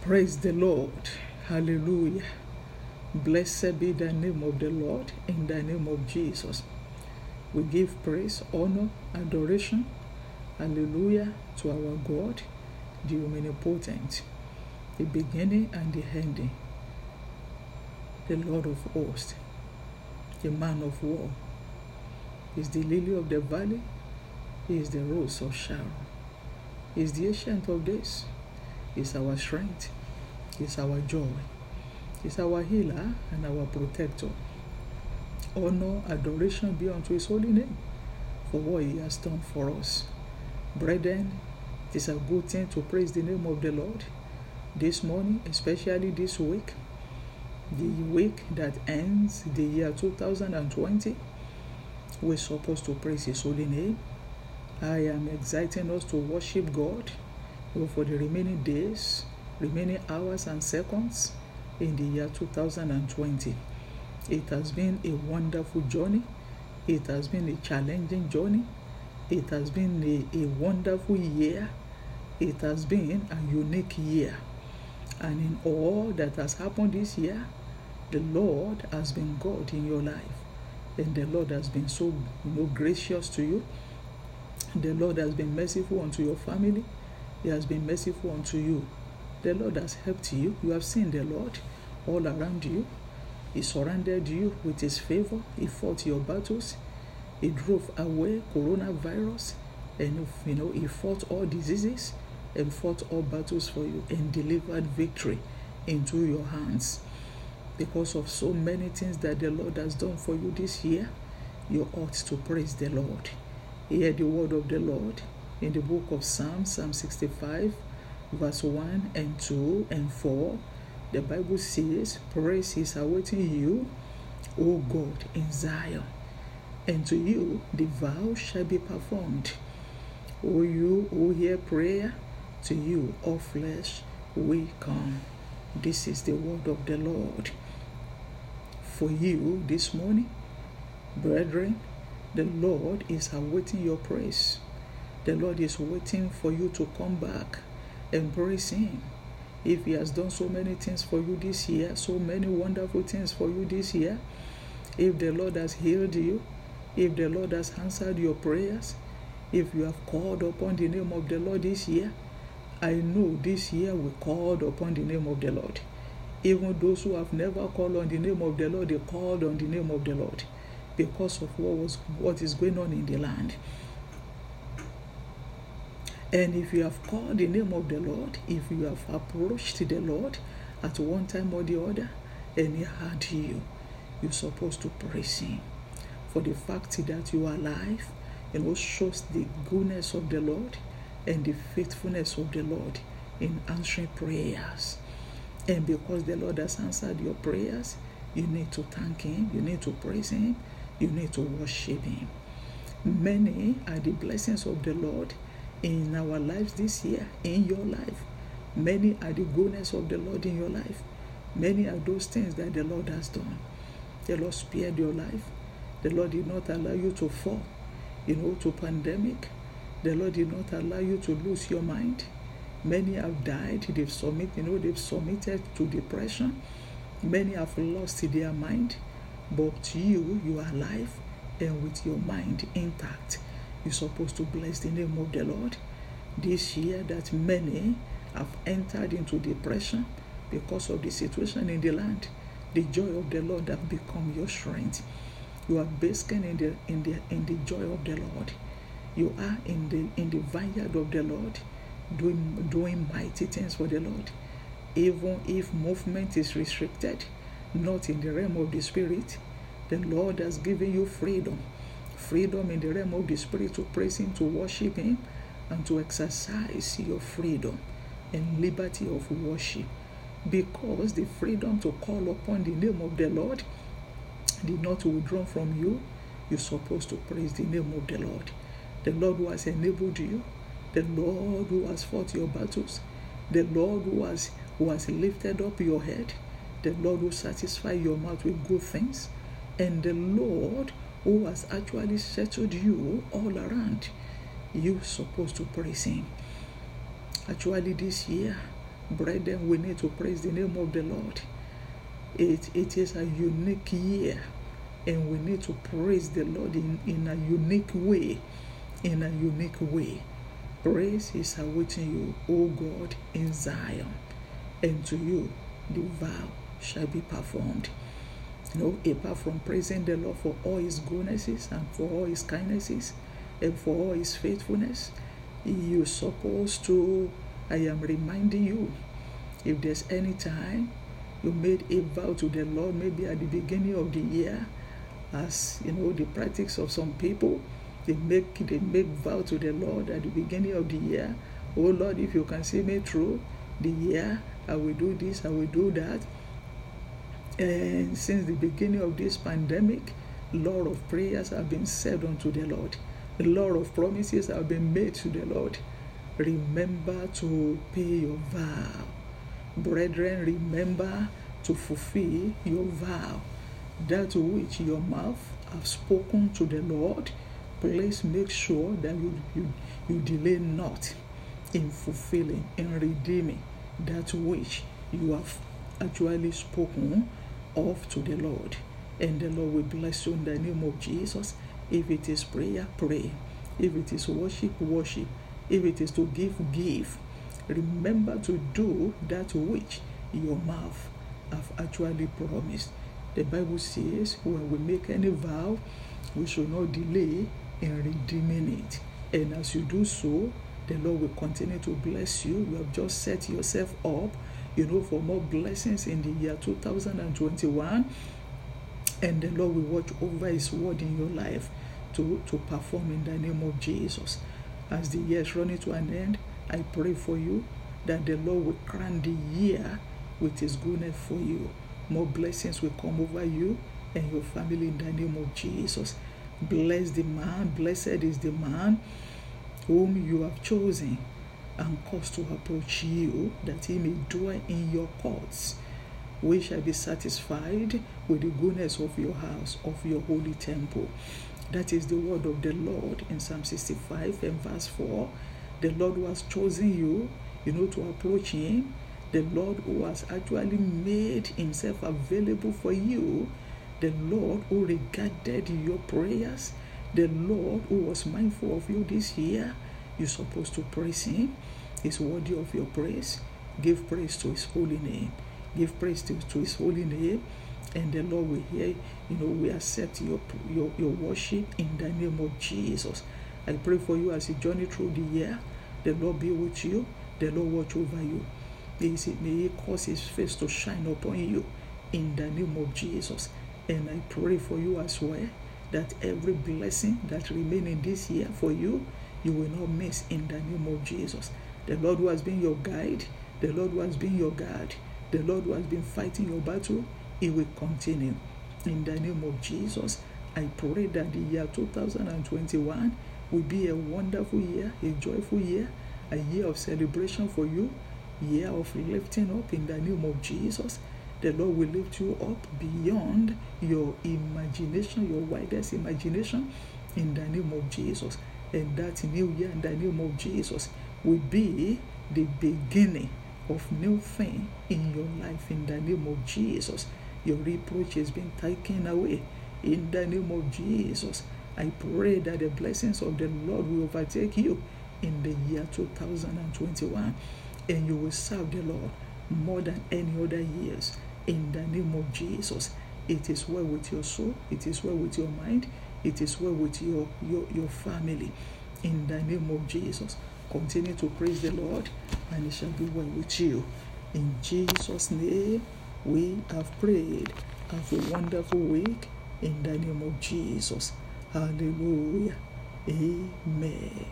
Praise the Lord. Hallelujah. Blessed be the name of the Lord in the name of Jesus. We give praise, honor, adoration, hallelujah, to our God, the omnipotent, the beginning and the ending, the Lord of hosts, the man of war. He is the lily of the valley, he is the rose of Sharon, he is the ancient of days is our strength, is our joy, is our healer and our protector. Honor, adoration be unto his holy name for what he has done for us. Brethren, it is a good thing to praise the name of the Lord this morning, especially this week, the week that ends the year 2020. We're supposed to praise His holy name. I am exciting us to worship God for the remaining days, remaining hours, and seconds in the year 2020. It has been a wonderful journey. It has been a challenging journey. It has been a, a wonderful year. It has been a unique year. And in all that has happened this year, the Lord has been God in your life. And the Lord has been so you know, gracious to you. The Lord has been merciful unto your family. He has been merciful unto you. The Lord has helped you. You have seen the Lord all around you. He surrounded you with His favor. He fought your battles. He drove away coronavirus. And, you know, He fought all diseases and fought all battles for you and delivered victory into your hands. Because of so many things that the Lord has done for you this year, you ought to praise the Lord. Hear the word of the Lord in the book of Psalms, Psalm 65, verse 1 and 2 and 4, the Bible says, Praise is awaiting you, O God, in Zion, and to you the vow shall be performed. O you who hear prayer, to you O flesh we come. This is the word of the Lord. For you this morning, brethren, the Lord is awaiting your praise. The Lord is waiting for you to come back. Embrace Him. If He has done so many things for you this year, so many wonderful things for you this year, if the Lord has healed you, if the Lord has answered your prayers, if you have called upon the name of the Lord this year, I know this year we called upon the name of the Lord. Even those who have never called on the name of the Lord, they called on the name of the Lord because of what was what is going on in the land. And if you have called the name of the Lord, if you have approached the Lord at one time or the other, and He heard you, you're supposed to praise Him for the fact that you are alive and what shows the goodness of the Lord and the faithfulness of the Lord in answering prayers. And because the Lord has answered your prayers, you need to thank Him, you need to praise Him, you need to worship Him. Many are the blessings of the Lord in our lives this year, in your life. Many are the goodness of the Lord in your life. Many are those things that the Lord has done. The Lord spared your life. The Lord did not allow you to fall, you know, to pandemic. The Lord did not allow you to lose your mind. Many have died. They've submitted, you know, they've submitted to depression. Many have lost their mind. But you, you are alive and with your mind intact is supposed to bless the name of the Lord this year that many have entered into depression because of the situation in the land. The joy of the Lord have become your strength. You are basking in the in the in the joy of the Lord. You are in the in the vineyard of the Lord, doing doing mighty things for the Lord. Even if movement is restricted, not in the realm of the spirit, the Lord has given you freedom freedom in the realm of the Spirit to praise Him, to worship Him, and to exercise your freedom and liberty of worship. Because the freedom to call upon the name of the Lord did not withdraw from you, you're supposed to praise the name of the Lord. The Lord who has enabled you, the Lord who has fought your battles, the Lord who has, who has lifted up your head, the Lord who satisfies your mouth with good things, and the Lord who has actually settled you all around, you're supposed to praise Him. Actually, this year, brethren, we need to praise the name of the Lord. It, it is a unique year, and we need to praise the Lord in, in a unique way. In a unique way. Praise is awaiting you, O God, in Zion, and to you the vow shall be performed. You know, apart from praising the Lord for all his goodnesses and for all his kindnesses and for all his faithfulness, you're supposed to, I am reminding you, if there's any time you made a vow to the Lord, maybe at the beginning of the year, as you know, the practice of some people, they make they make vow to the Lord at the beginning of the year. Oh Lord, if you can see me through the year, I will do this, I will do that and since the beginning of this pandemic, lot of prayers have been said unto the Lord. A lot of promises have been made to the Lord. Remember to pay your vow. Brethren, remember to fulfill your vow. That which your mouth have spoken to the Lord, please make sure that you, you, you delay not in fulfilling and redeeming that which you have actually spoken off to the Lord, and the Lord will bless you in the name of Jesus. If it is prayer, pray. If it is worship, worship. If it is to give, give. Remember to do that which your mouth have actually promised. The Bible says when we make any vow, we should not delay in redeeming it. And as you do so, the Lord will continue to bless you. You have just set yourself up you know, for more blessings in the year 2021. And the Lord will watch over His word in your life to, to perform in the name of Jesus. As the year is running to an end, I pray for you that the Lord will crown the year with His goodness for you. More blessings will come over you and your family in the name of Jesus. Bless the man, blessed is the man whom you have chosen and cause to approach you, that he may dwell in your courts. We shall be satisfied with the goodness of your house, of your holy temple. That is the word of the Lord in Psalm 65 and verse 4. The Lord who has chosen you, you know, to approach him. The Lord who has actually made himself available for you. The Lord who regarded your prayers. The Lord who was mindful of you this year you're supposed to praise Him. He's worthy of your praise. Give praise to His holy name. Give praise to, to His holy name. And the Lord will hear, you know, we accept your, your, your worship in the name of Jesus. I pray for you as you journey through the year. The Lord be with you. The Lord watch over you. May he, may he cause His face to shine upon you in the name of Jesus. And I pray for you as well that every blessing that remain in this year for you you will not miss in the name of Jesus. The Lord who has been your guide, the Lord who has been your guard, the Lord who has been fighting your battle, it will continue. In the name of Jesus, I pray that the year 2021 will be a wonderful year, a joyful year, a year of celebration for you, year of lifting up in the name of Jesus. The Lord will lift you up beyond your imagination, your widest imagination, in the name of Jesus and that new year in the name of Jesus will be the beginning of new thing in your life in the name of Jesus. Your reproach has been taken away in the name of Jesus. I pray that the blessings of the Lord will overtake you in the year 2021 and you will serve the Lord more than any other years in the name of Jesus. It is well with your soul, it is well with your mind, it is well with your, your, your family. In the name of Jesus, continue to praise the Lord, and it shall be well with you. In Jesus' name, we have prayed. Have a wonderful week in the name of Jesus. Hallelujah. Amen.